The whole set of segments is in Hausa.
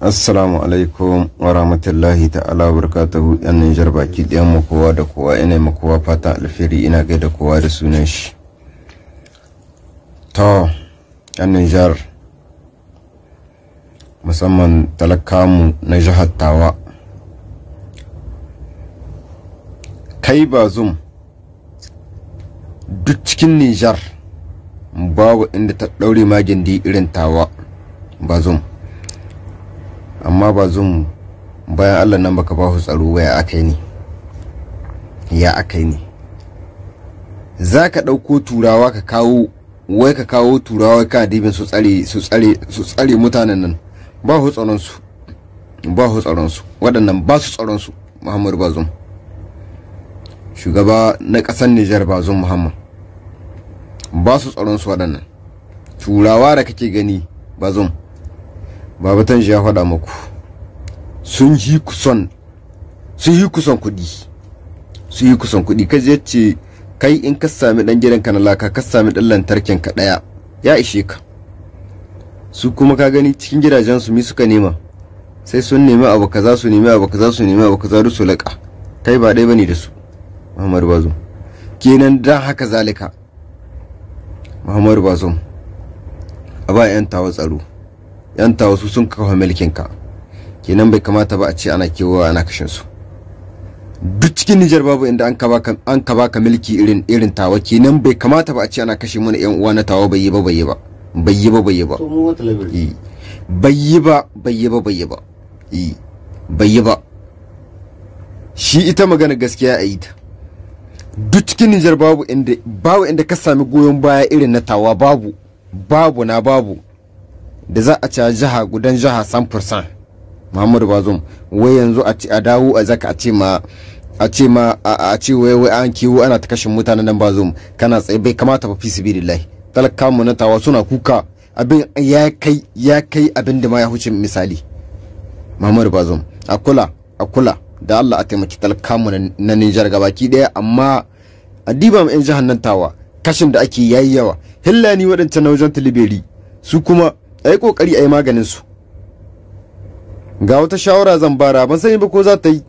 assalamu alaikum wa rahmatullahi ta'ala wa barakatuhu yan Nijar baki ɗayan mu kowa da kowa ina mu kowa fata alfiri ina gaida kowa da sunan shi to yan Nijar musamman talakamu na jihar Tawa kai bazum duk cikin Nijar babu inda ta ɗaure magindi irin Tawa bazum amma ba zum bayan allah nan baka ba su tsaro ba ya aka ni ne ya aka ni ne za ka ɗauko turawa ka kawo wai ka kawo turawa ka dibin su tsare su tsare su tsare mutanen nan ba su tsaron su ba su tsaron su waɗannan ba su tsaron su muhammadu bazum shugaba na ƙasar nijar bazum muhammad ba su tsaron su waɗannan turawa da kake gani bazum babatan shi ya faɗa muku sun yi kusan sun yi kusan kuɗi sun yi kusan kuɗi kai zai ce kai in ka sami ɗan gidan ka na laka ka sami ɗan lantarkin ka ɗaya ya ishe ka su kuma ka gani cikin gidajen su mi suka nema sai sun nemi abu kaza su nemi abu kaza su nemi abu kaza su laka kai ba ɗaya bane da su Muhammadu Bazum kenan dan haka zalika Muhammadu Bazum a ba 'yan tawa tsaro yan tawasu sun kafa mulkinka kenan bai kamata ba a ce ana kewa ana kashin su duk cikin Nijar babu inda an ka an ka baka mulki irin irin tawa kenan bai kamata ba a ce ana kashe mana yan uwa na tawa bai yi ba bai yi ba bai yi ba bai yi ba bai yi ba bai yi ba bai yi ba bai yi ba shi ita magana gaskiya a yi ta duk cikin Nijar babu inda babu inda ka sami goyon baya irin na tawa babu babu na babu da za a ci jiha gudan jiha samfursan muhammadu bazum wai yanzu a dawo a zaka a ce ma a ce ma a ce wai wai an kiwo ana ta kashin mutanen nan bazum kana tsaye bai kamata ba fi lillahi talaka mu na tawa suna kuka abin ya kai ya kai abin da ma ya huce misali muhammadu bazum a kula a kula da Allah a taimaki talaka mu na Nijar gabaki daya amma a diba mu yan jihar nan tawa kashin da ake yayi yawa hillani waɗancan na wajen tilibiri su kuma a yi ƙoƙari a yi maganin su ga wata shawara zan bara ban sani ba ko za ta yi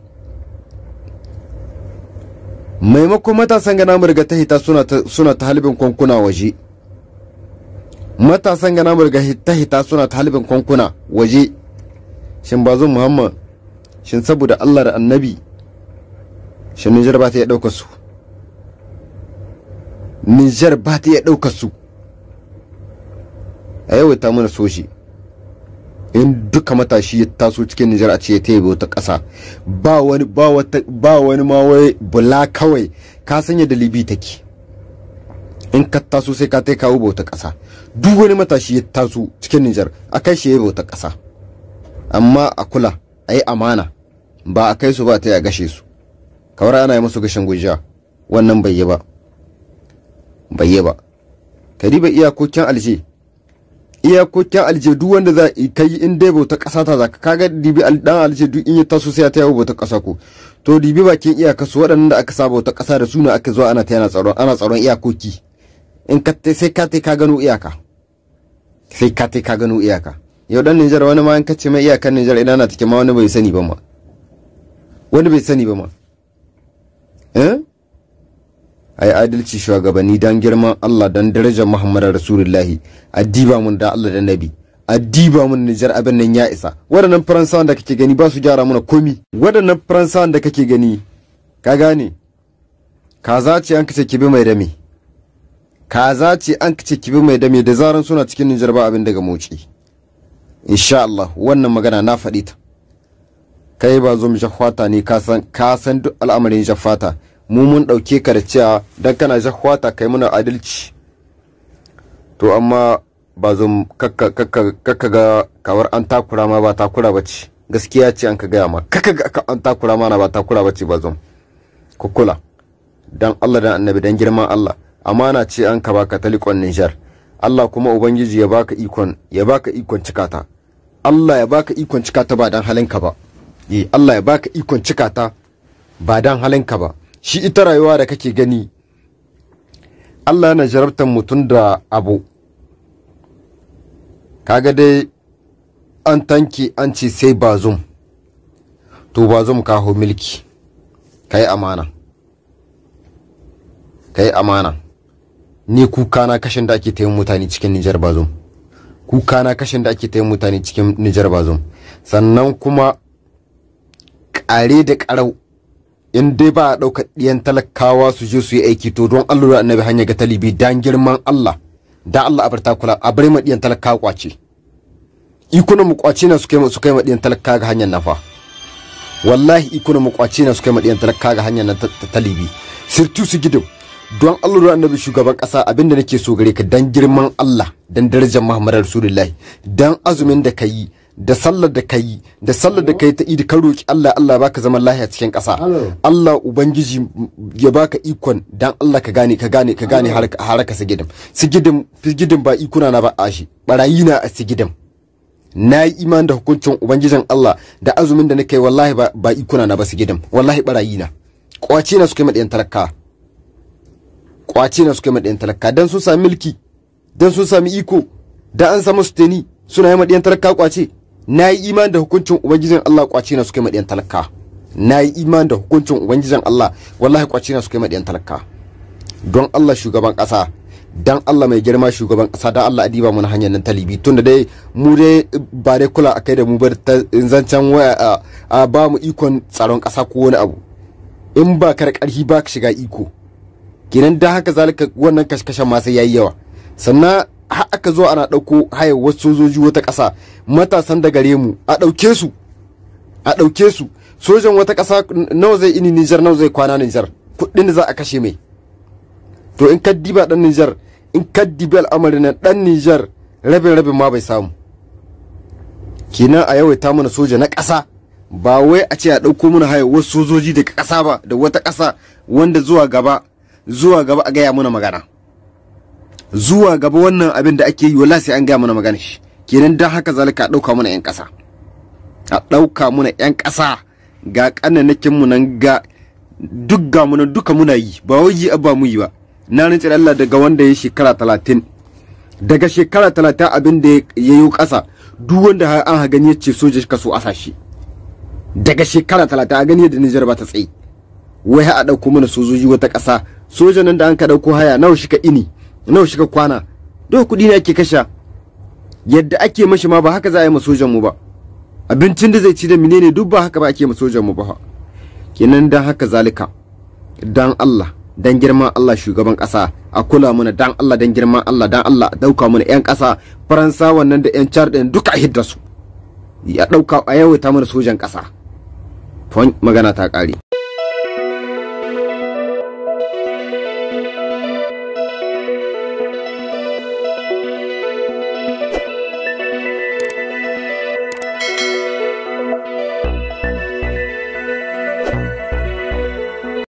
maimakon matasan gana mu riga ta hita suna ta halibin kwankuna waje matasan gana mu riga ta hita suna ta halibin kwankuna waje shin bazon muhammad shin saboda allah da annabi shin nijar ba ta iya ɗaukar su nijar ba ta iya ɗaukar su a yawaita mana so shi in duka matashi ya taso cikin Nijar a ce ta yabe wata ƙasa ba wani ma wai bula kawai ka sanya da libi take in ka taso sai ka tai kawo bauta kasa duk wani matashi ya taso cikin Nijar a kai shi yi bauta ƙasa amma a kula a yi amana ba a kai su ba ta yi a gashe su kawar ana yi musu gashin gujiya wannan bai yi ba bai yi ba iyakokin alje iyakokin aljedu wanda za a yi in dai bauta ƙasa ta ka kaga dibi dan aljedu in ya taso sai ta yawo bauta ƙasa ko to dibi bakin iyaka su waɗannan da aka saba bauta ƙasa da suna aka zuwa ana ta tsaron ana tsaron iyakoki in ka sai ka ta ka gano iyaka sai ka ta ka gano iyaka yau dan Nijar wani ma in ka ce mai iyakan Nijar idan ana take ma wani bai sani ba ma wani bai sani ba ma eh a yi adalci shugabanni don girman Allah don darajar Muhammadu Rasulullahi addiba mun da Allah da Nabi addiba mun Nijar abin nan ya isa waɗannan Faransawan da kake gani ba su gyara mana komi waɗannan Faransawan da kake gani ka gane kaza ce an kace kibi mai dame kaza ce an kace kibi mai dame da zaran suna cikin Nijar ba abin daga moci insha Allah wannan magana na faɗi ta kai ba zo mu shafata ne ka san duk al'amarin shafata mu mun ɗauke ka da cewa dan kana jahwata kai muna adalci to amma ba zan kakka ga kawar an takura ma ba takura ba ce gaskiya ce an ka gaya ma kakka ga an takura ma na ba takura ba ce ba zan kukula dan Allah dan annabi dan girman Allah amana ce an ka baka talikon Nijar Allah kuma ubangiji ya baka ikon ya baka ikon cikata Allah ya baka ikon cikata ba dan halinka ba eh Allah ya baka ikon cikata ba dan halinka ba shi ita rayuwa da kake gani Allah yana jarabtar mutum da abu kaga dai an tanki an ce sai bazum to bazum ka hau milki ka yi amana ka yi amana ni kuka na kashin da ake ta mutane cikin nijar bazum kuka na kashin da ake ta mutane cikin nijar bazum sannan kuma ƙare da ƙarau in dai ba a ɗaukar ɗiyan talakawa su je su yi aiki to don allah da annabi hanya ga talibi dan girman allah da allah a bar takula a bar ma ɗiyan talakawa kwace ikunan mu kwace na su kai su kai ma ɗiyan talakawa ga hanyar nafa wallahi ikunan mu kwace na su kai ma ɗiyan talakawa ga hanyar ta talibi sirtu su gidan don Allah da annabi shugaban kasa abinda nake so gare ka dan girman Allah dan darajar Muhammadu Rasulullahi dan azumin da ka yi da sallar da kai da sallar da kai ta idi ka roki Allah Allah baka zaman lahiya cikin kasa Allah ubangiji ya baka ikon dan Allah ka gane ka gane ka gane haraka sigidin sigidin sigidin ba ikuna na ba ashi barayi na a sigidin na yi iman da hukuncin ubangijin Allah da azumin da nake wallahi ba, ba ikuna na ba sigidin wallahi barayi na kwace na su kai madayan talaka kwace na suka madayan talaka dan sun sami milki dan sun sami iko da an samu suteni suna yi madayan talaka kwace na yi iman da hukuncin ubangijin Allah kwace na suka yi madiyan talaka na yi iman da hukuncin ubangijin Allah wallahi kwace na suka yi madiyan talaka don Allah shugaban kasa dan Allah mai girma shugaban kasa dan Allah adiba mun hanyar nan talibi tun da dai mu dai ba dai kula akai da mu ba zancen waya a ba mu ikon tsaron kasa ko wani abu in ba kar karhi ba ka shiga iko kenan da haka zalika wannan kashkashan ma sai yayi yawa sannan har aka zo ana ɗauko haya wasu sojoji wata ƙasa matasan da gare mu a ɗauke su a ɗauke su sojan wata ƙasa nawa zai ini Nijar nawa zai kwana Nijar kuɗin da za a kashe mai to in kaddi ba ɗan Nijar in kaddi bel al'amarin nan ɗan Nijar rabin rabin ma bai samu kenan a yawaita mana soja na ƙasa ba wai a ce a ɗauko mana hayar wasu sojoji daga ƙasa ba da wata ƙasa wanda zuwa gaba zuwa gaba a gaya mana magana zuwa gaba wannan abin da ake yi wala sai an ga mana magana shi kenan dan haka zalika a ɗauka mana 'yan ƙasa a ɗauka muna 'yan kasa ga ƙananakin mu nan ga duk ga mu duka muna yi ba wai yi ba mu yi ba na rantsi Allah daga wanda ya shekara talatin daga shekara talatin abin da ya yi ƙasa duk wanda an ha gani yace ce soja ka so asashi. daga shekara talatin a gani da Nijar ba ta tsaye wai a ɗauko mana sojoji wata kasa soja nan da an ka ɗauko haya nawa shi ka ini nawa shiga kwana dole kuɗi ne ake kasha yadda ake mashi ma ba haka za a yi ma sojan mu ba abincin da zai ci da menene duk ba haka ba ake ma sojan mu ba kenan dan haka zalika dan Allah dan girman Allah shugaban kasa a kula mana dan Allah dan girman Allah dan Allah a dauka mana yan kasa faransa wannan da yan char din duka a ya dauka a yawaita mana sojan kasa magana ta kare